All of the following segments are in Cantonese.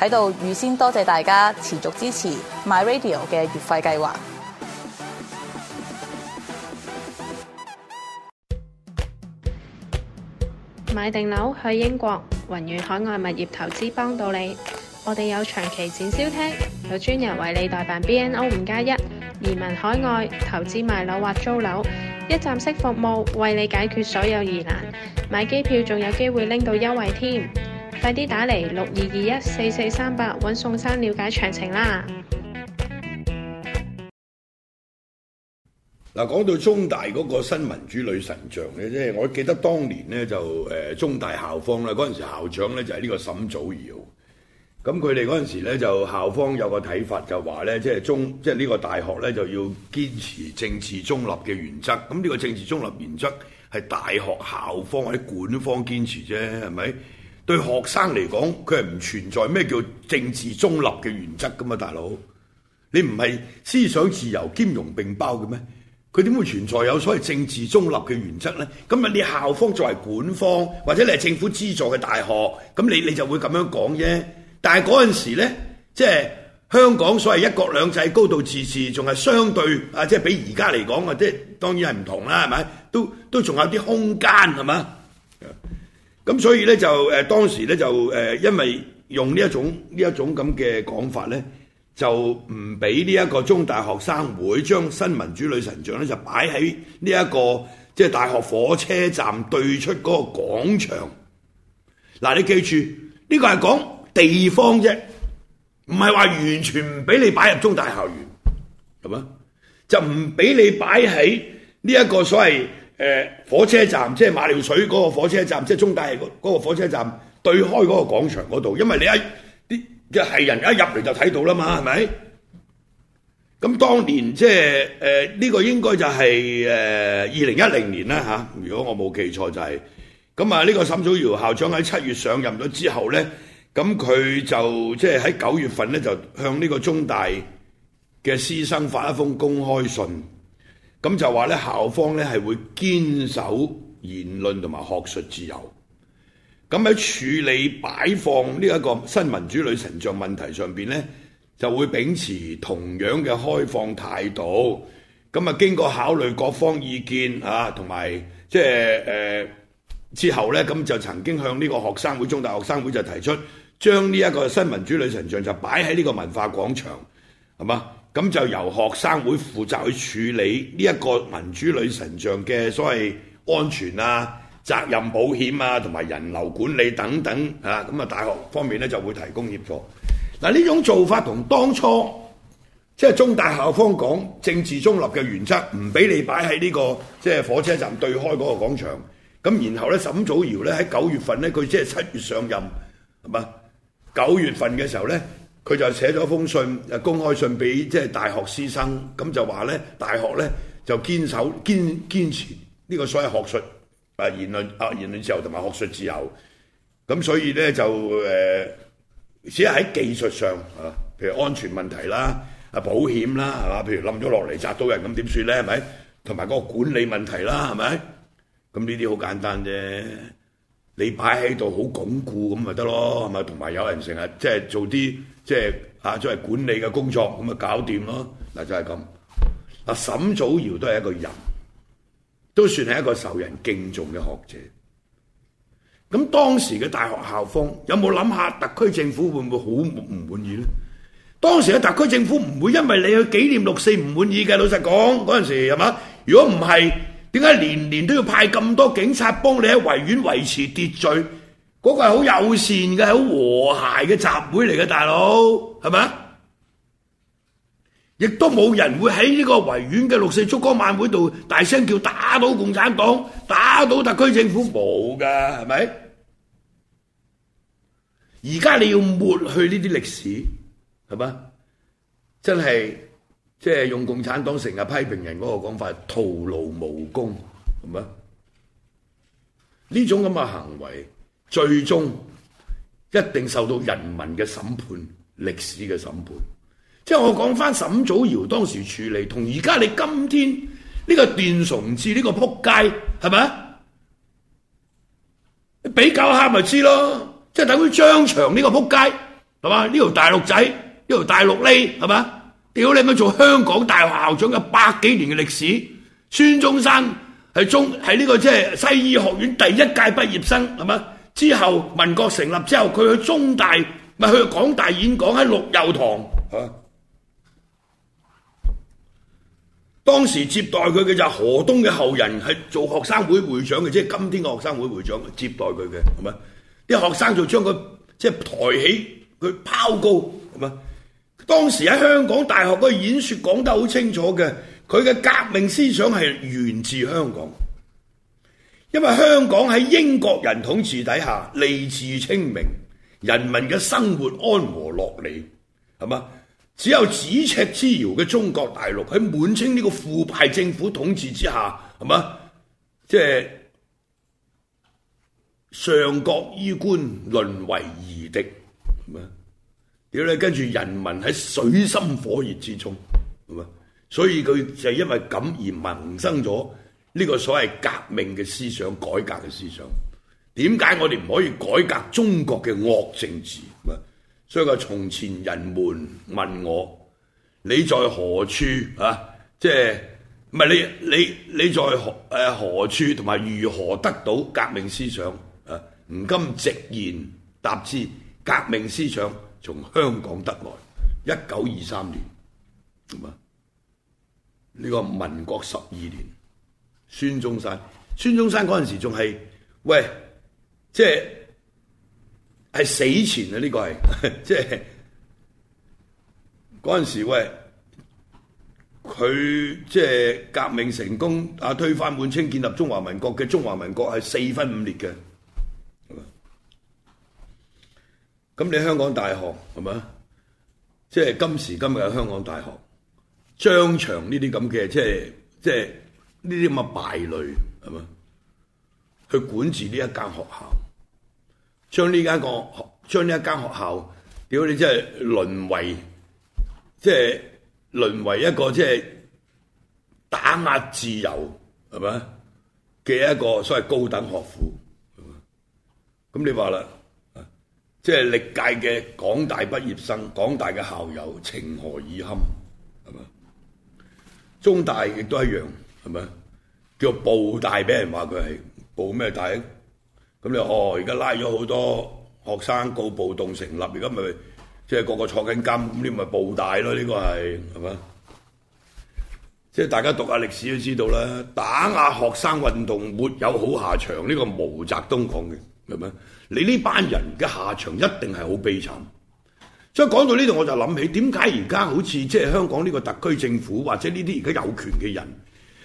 喺度預先多謝大家持續支持 MyRadio 嘅月費計劃。買定樓去英國，宏遠海外物業投資幫到你。我哋有長期展銷廳，有專人為你代辦 BNO 五加一移民海外投資買樓或租樓，一站式服務為你解決所有疑難。買機票仲有機會拎到優惠添。快啲打嚟六二二一四四三八，搵宋生了解詳情啦。嗱，講到中大嗰個新民主女神像咧，即係我記得當年咧，就誒中大校方啦，嗰陣時校長咧就係呢個沈祖堯。咁佢哋嗰陣時咧就校方有個睇法就，就話咧即係中即係呢個大學咧就要堅持政治中立嘅原則。咁呢個政治中立原則係大學校方或者管方堅持啫，係咪？對學生嚟講，佢係唔存在咩叫政治中立嘅原則噶嘛？大佬，你唔係思想自由兼容並包嘅咩？佢點會存在有所謂政治中立嘅原則呢？咁啊，你校方作為管方，或者你係政府資助嘅大學，咁你你就會咁樣講啫。但係嗰陣時咧，即係香港所謂一國兩制、高度自治，仲係相對啊，即係比而家嚟講啊，即係當然係唔同啦，係咪？都都仲有啲空間，係嘛？咁所以咧就誒當時咧就誒因為用呢一種呢一種咁嘅講法咧，就唔俾呢一個中大學生會將新民主女神像咧、這個、就擺喺呢一個即係大學火車站對出嗰個廣場。嗱，你記住，呢個係講地方啫，唔係話完全唔俾你擺入中大校園，係嘛？就唔俾你擺喺呢一個所謂，誒火車站，即係馬料水嗰個火車站，即係中大嗰個火車站對開嗰個廣場嗰度，因為你喺啲人一入嚟就睇到啦嘛，係咪？咁當年即係誒呢個應該就係誒二零一零年啦吓，啊，如果我冇記錯就係。咁啊，呢個沈祖堯校長喺七月上任咗之後呢，咁佢就即係喺九月份呢，就向呢個中大嘅師生發一封公開信。咁就話咧，校方咧係會堅守言論同埋學術自由。咁喺處理擺放呢一個新民主女神像問題上邊咧，就會秉持同樣嘅開放態度。咁啊，經過考慮各方意見啊，同埋即係誒之後咧，咁就曾經向呢個學生會、中大學生會就提出，將呢一個新民主女神像就擺喺呢個文化廣場，係嘛？咁就由學生會負責去處理呢一個民主女神像嘅所謂安全啊、責任保險啊同埋人流管理等等嚇，咁啊大學方面咧就會提供協助。嗱、啊、呢種做法同當初即係、就是、中大校方講政治中立嘅原則，唔俾你擺喺呢個即係、就是、火車站對開嗰個廣場。咁然後咧，沈祖堯咧喺九月份咧，佢即係七月上任，係嘛？九月份嘅時候咧。佢就寫咗封信，就公開信俾即係大學師生，咁就話咧，大學咧就堅守堅堅持呢個所謂學術啊言論啊言論自由同埋學術自由，咁所以咧就誒、呃，只係喺技術上啊，譬如安全問題啦，啊保險啦，係、啊、嘛？譬如冧咗落嚟砸到人咁點算咧？係咪？同埋個管理問題啦，係咪？咁呢啲好簡單啫，你擺喺度好鞏固咁咪得咯，係咪？同埋有，有人成日即係做啲。即係吓，作為管理嘅工作咁啊，搞掂咯。嗱，就係咁。嗱，沈祖堯都係一個人，都算係一個受人敬重嘅學者。咁當時嘅大學校方有冇諗下特區政府會唔會好唔滿意呢？當時嘅特區政府唔會因為你去紀念六四唔滿意嘅，老實講嗰陣時係嘛？如果唔係，點解年年都要派咁多警察幫你喺維園維持秩序？嗰個係好友善嘅、好和諧嘅集會嚟嘅，大佬係咪啊？亦都冇人會喺呢個維園嘅六四燭光晚會度大聲叫打倒共產黨、打倒特區政府，冇㗎，係咪？而家你要抹去呢啲歷史，係咪？真係即係用共產黨成日批評人嗰個講法，徒勞無功，係咪啊？呢種咁嘅行為。最終一定受到人民嘅審判，歷史嘅審判。即係我講翻沈祖堯當時處理同而家你今天呢、這個段崇智呢個撲街係咪啊？比較下咪知咯，即係等於張翔呢個撲街係嘛？呢條、這個、大陸仔，呢、這、條、個、大陸呢係咪？屌你咪做香港大學校長，嘅百幾年嘅歷史。孫中山係中係呢個即係西醫學院第一屆畢業生係咪？之後，民國成立之後，佢去中大，咪去港大演講喺陸佑堂。當時接待佢嘅就何東嘅後人，係做學生會會長嘅，即係今天嘅學生會會長接待佢嘅，係咪？啲學生就將佢即係抬起佢拋高，係咪？當時喺香港大學嗰個演說講得好清楚嘅，佢嘅革命思想係源自香港。因為香港喺英國人統治底下，吏治清明，人民嘅生活安和樂利，係嘛？只有咫尺之遙嘅中國大陸喺滿清呢個腐敗政府統治之下，係嘛？即係上國衣冠淪為夷狄，咁啊？屌你，跟住人民喺水深火熱之中，係嘛？所以佢就因為咁而萌生咗。呢個所謂革命嘅思想、改革嘅思想，點解我哋唔可以改革中國嘅惡政治？所以個從前人們問我：你在何處啊？即係唔係你你你在何誒、啊、何處同埋如何得到革命思想？啊，如今直言答之：革命思想從香港得來，一九二三年，咁啊，呢、這個民國十二年。孫中山，孫中山嗰陣時仲係，喂，即係係死前啊！呢個係即係嗰陣時，喂，佢即係革命成功啊，推翻滿清，建立中華民國嘅中華民國係四分五裂嘅。咁你香港大學係咪？即係今時今日嘅香港大學，張翔呢啲咁嘅，即係即係。就是呢啲咁嘅敗類係嘛，去管治呢一間學校，將呢間個學將呢一間學校，屌你真係淪為，即係淪為一個即係、就是、打壓自由係嘛嘅一個所謂高等學府，咁你話啦，即係歷屆嘅港大畢業生、港大嘅校友，情何以堪係嘛？中大亦都一樣。係咪？叫暴大俾人話佢係暴咩大？咁你說哦，而家拉咗好多學生，告暴動成立，而家咪即係個個坐緊監，咁呢咪暴大咯？呢個係係咪？即係大家讀下歷史都知道啦，打壓學生運動沒有好下場。呢個毛澤東講嘅，係咪？你呢班人嘅下場一定係好悲慘。所以講到呢度，我就諗起點解而家好似即係香港呢個特區政府或者呢啲而家有權嘅人？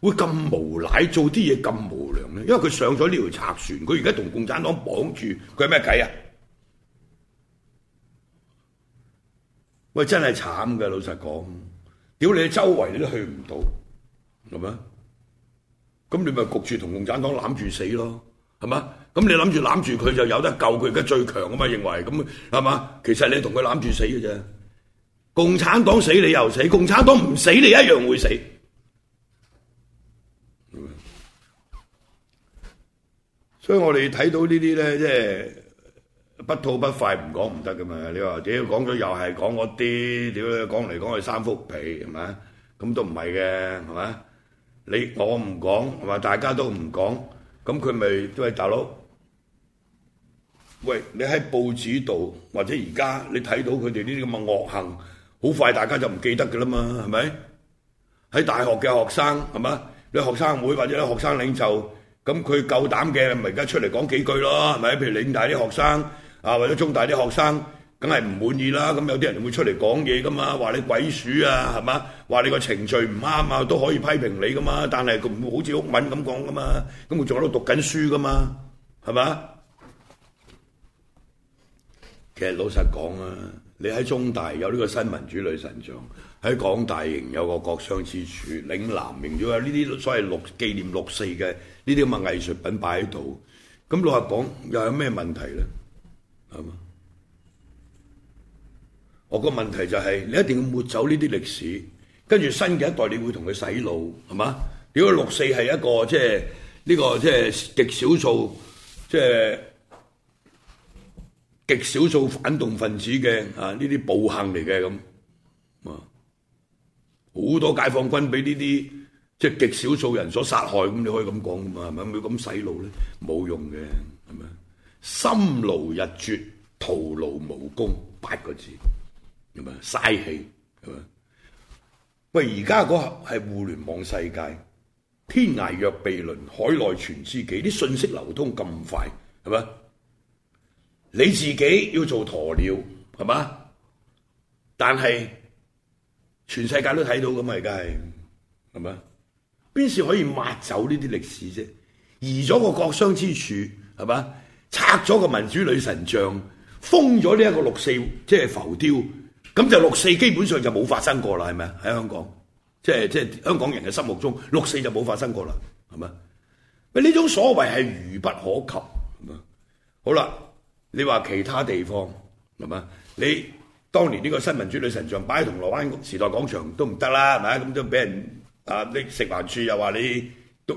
會咁無賴，做啲嘢咁無良咧？因為佢上咗呢條賊船，佢而家同共產黨綁住，佢係咩計啊？喂，真係慘噶！老實講，屌你周圍你都去唔到，係咪？咁你咪焗住同共產黨攬住死咯，係嘛？咁你諗住攬住佢就有得救，佢而家最強啊嘛？認為咁係嘛？其實你同佢攬住死嘅啫，共產黨死你又死，共產黨唔死你一樣會死。所以我哋睇到呢啲咧，即係不吐不快，唔講唔得噶嘛。你話屌講咗又係講嗰啲，屌講嚟講去三幅皮，係咪啊？咁都唔係嘅，係咪啊？你我唔講，話大家都唔講，咁佢咪都係大佬。喂！你喺報紙度，或者而家你睇到佢哋呢啲咁嘅惡行，好快大家就唔記得㗎啦嘛，係咪？喺大學嘅學生，係咪啊？你學生會或者啲學生領袖。咁佢夠膽嘅，咪而家出嚟講幾句咯，係咪？譬如嶺大啲學生，啊，或者中大啲學生，梗係唔滿意啦。咁有啲人會出嚟講嘢噶嘛，話你鬼鼠啊，係嘛？話你個程序唔啱啊，都可以批評你噶嘛。但係佢唔會好似毓民咁講噶嘛。咁佢仲喺度讀緊書噶嘛，係嘛？其實老實講啊，你喺中大有呢個新民主女神像，喺港大仍有個國殤之處，嶺南名咗有呢啲所謂六紀念六四嘅。呢啲咁嘅藝術品擺喺度，咁老實講又有咩問題咧？係嘛？我個問題就係、是、你一定要抹走呢啲歷史，跟住新嘅一代，你會同佢洗腦係嘛？如果六四係一個即係呢個即係極少數，即、就、係、是、極少數反動分子嘅啊呢啲暴行嚟嘅咁，好多解放軍俾呢啲。即係極少數人所殺害咁，你可以咁講噶嘛？係咪咁咁洗腦咧？冇用嘅，係咪？心勞日絕，徒勞無功八個字，係咪？嘥氣，係咪？喂，而家嗰係互聯網世界，天涯若比鄰，海內全知己，啲信息流通咁快，係咪？你自己要做鴕鳥，係嘛？但係全世界都睇到咁咪梗係，係咪？是邊時可以抹走呢啲歷史啫？移咗個國殤之柱係嘛？拆咗個民主女神像，封咗呢一個六四即係、就是、浮雕，咁就六四基本上就冇發生過啦，係咪？喺香港，即係即係香港人嘅心目中，六四就冇發生過啦，係嘛？咪呢種所謂係愚不可及，係嘛？好啦，你話其他地方係嘛？你當年呢個新民主女神像擺喺銅鑼灣時代廣場都唔得啦，係咪？咁都俾人。啊！你食環署又話你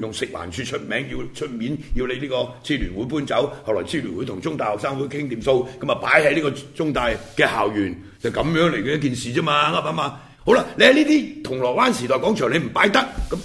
用食環署出名，要出面要你呢個支聯會搬走。後來支聯會同中大學生會傾掂數，咁啊擺喺呢個中大嘅校園，就咁樣嚟嘅一件事啫嘛，啱嘛，好啦，你喺呢啲銅鑼灣時代廣場，你唔擺得，咁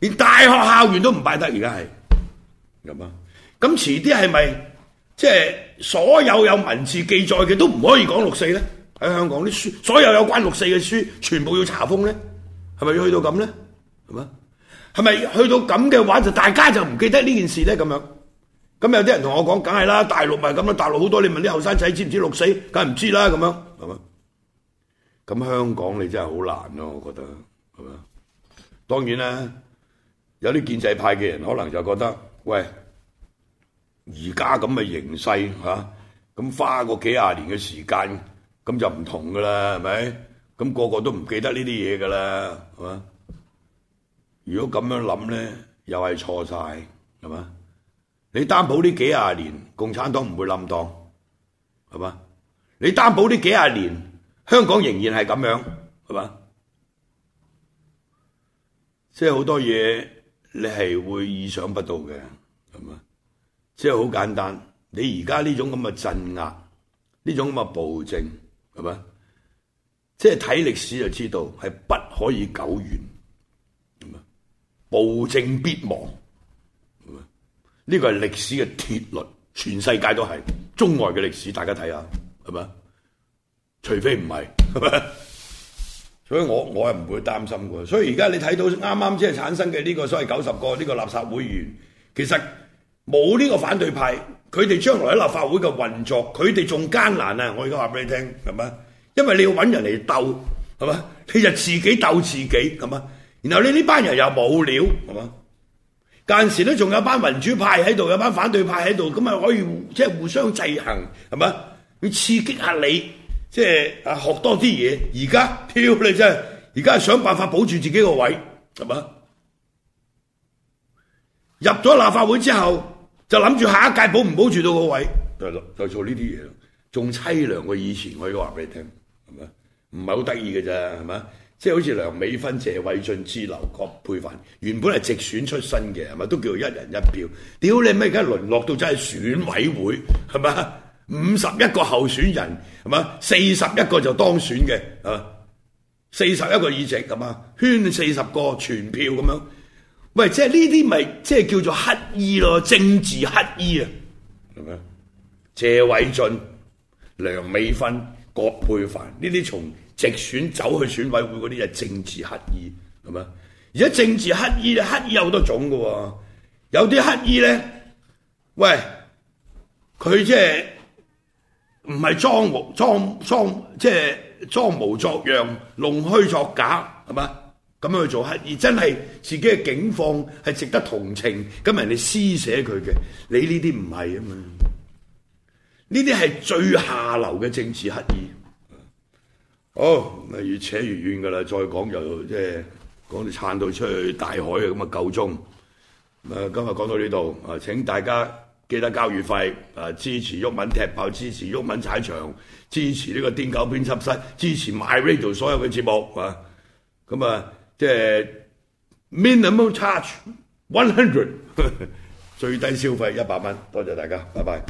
連大學校園都唔擺得，而家係咁啊！咁遲啲係咪即係所有有文字記載嘅都唔可以講六四呢？喺香港啲書，所有有關六四嘅書，全部要查封呢？係咪要去到咁呢？係嘛？係咪去到咁嘅話，就大家就唔記得呢件事咧？咁樣咁有啲人同我講，梗係啦，大陸咪咁樣，大陸好多你問啲後生仔知唔知六四？梗係唔知啦咁樣，係嘛？咁香港你真係好難咯、啊，我覺得係嘛？當然啦，有啲建制派嘅人可能就覺得，喂，而家咁嘅形勢吓，咁、啊、花個幾廿年嘅時間，咁就唔同噶啦，係咪？咁、那個個都唔記得呢啲嘢噶啦，係嘛？如果咁樣諗呢，又係錯晒，係嘛？你擔保呢幾廿年共產黨唔會冧檔，係嘛？你擔保呢幾廿年香港仍然係咁樣，係嘛？即係好多嘢你係會意想不到嘅，係嘛？即係好簡單，你而家呢種咁嘅鎮壓，呢種咁嘅暴政，係嘛？即係睇歷史就知道係不可以久遠。暴政必亡，呢個係歷史嘅鐵律，全世界都係，中外嘅歷史，大家睇下，係咪？除非唔係，係咪？所以我我係唔會擔心嘅，所以而家你睇到啱啱即係產生嘅呢個所謂九十個呢個垃圾會員，其實冇呢個反對派，佢哋將來喺立法會嘅運作，佢哋仲艱難啊！我而家話俾你聽，係咪？因為你要揾人嚟鬥，係咪？你就自己鬥自己，咁啊！然後你呢班人又冇料，係嘛？間時都仲有班民主派喺度，有班反對派喺度，咁啊可以即係、就是、互相制衡，係嘛？去刺激下你，即係啊學多啲嘢。而家，屌你真係，而家係想辦法保住自己個位，係嘛？入咗立法會之後，就諗住下一屆保唔保住到個位？係咯，就做呢啲嘢仲淒涼過以前，我可以話俾你聽，係嘛？唔係好得意嘅咋，係嘛？即係好似梁美芬、謝偉俊之流各配飯，原本係直選出身嘅，係咪都叫做一人一票？屌你咩？而家淪落到真係選委會係咪五十一個候選人係咪四十一個就當選嘅啊？四十一個議席咁啊，圈四十個全票咁樣。喂，即係呢啲咪即係叫做乞衣咯？政治乞衣啊？係咪啊？謝偉俊、梁美芬。葛珮帆呢啲從直選走去選委會嗰啲係政治乞衣係嘛？而家政治乞衣，乞衣有好多種㗎喎。有啲乞衣咧，喂，佢即係唔係裝模裝裝即係裝模作樣、弄虛作假係嘛？咁樣去做乞衣，真係自己嘅境況係值得同情，咁人哋施捨佢嘅，你呢啲唔係啊嘛？呢啲係最下流嘅政治刻意好。好咪越扯越遠噶啦！再講又即係講到撐到出去大海嘅咁啊！夠鐘咁啊，今日講到呢度啊，請大家記得交月費啊，支持毓民踢爆，支持毓民踩場，支持呢個癲狗編輯室，支持 my radio 所有嘅節目啊！咁啊，即係 minimum charge one hundred 最低消費一百蚊，多謝大家，拜拜。